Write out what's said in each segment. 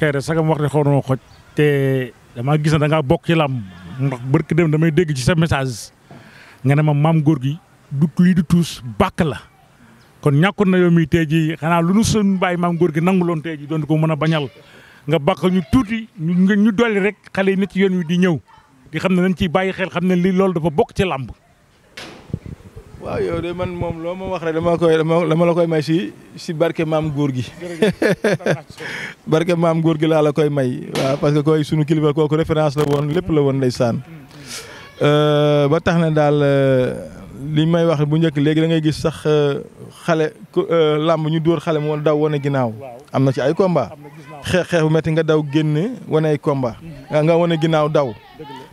kay rek sagam wax ne xaw na ma te damaa gis ne da bokk ci làmb ndax barki dem damay dégg ci sa message nga ne ma maam góor gi du lii du tuus bàkk la. kon ñàkkoon na yoom mii tey jii xanaa lu nu sën baay maam góor nangu loon tey jii doon ko mën a bañal nga bàkk ñu tuuti ñu ñu dolli rek xale yi nit ci yoon wi di ñëw di xam ne dañ ciy bàyyi xel xam ne lii loolu dafa bokk ci làmb waaw yow de man moom loo ma wax rek dama koy dama la koy may si si barke maam góor gi barke maam góor gi laa la koy may waaw parce que koy sunu kilifa kooku référence la woon lépp la woon ndeysaan mm, mm. Euh, ba tax na daal euh, li may wax bu njëkk léegi da ngay gis sax euh, xale làmb ñu dóor xale mu daw wone ginnaaw am na ci ay combat xeex xeex bu metti nga daw génn wane ay combat mm-hmm. nga wane ginnaaw daw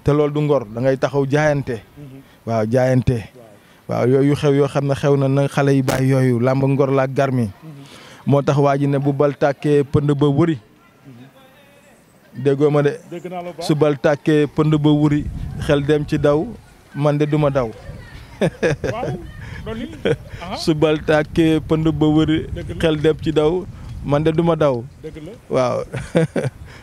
te loolu du ngor da ngay taxaw jaayante mm-hmm. waaw jaayante waaw yooyu xew yoo xam ne xew na na xale yu bàyyi yooyu làmb ngor la ak garmi mhm. moo tax waa ji ne bu bal tàkkee pënd ba wuri mhm. déggoo ma de su bal tàkkee pënd ba wuri xel dem ci daw man de duma daw su bal tàkkee pënd ba wuri xel dem ci daw man de duma daw waaw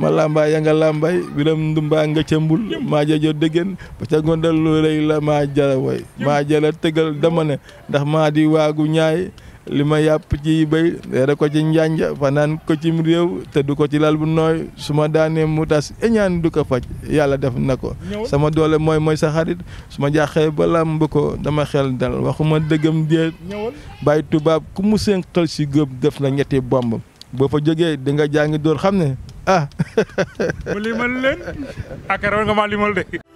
ma làmbaay ya nga làmbaay biram ndumbaa nga ca mbul maa jajo déggen ba ca gondal lu rëy la maa jara woy maa jara tëgal dama ne ndax maa di waagu ñaay li ma yàpp ci béy reere ko ci njanja naan ko cim réew te du ko ci lal bu nooy su ma daanee mu tas eñaan du ko faj yàlla def na ko sama doole mooy mooy sa xarit su ma jaaxee ba làmb ko dama xel dal waxuma dëggam déet bàyyi tubaab ku mu seen si góob def na ñetti bomb boo fa jógee dinga nga jàngi door xam ne ah mu limal leen ak raw nga maa limal de.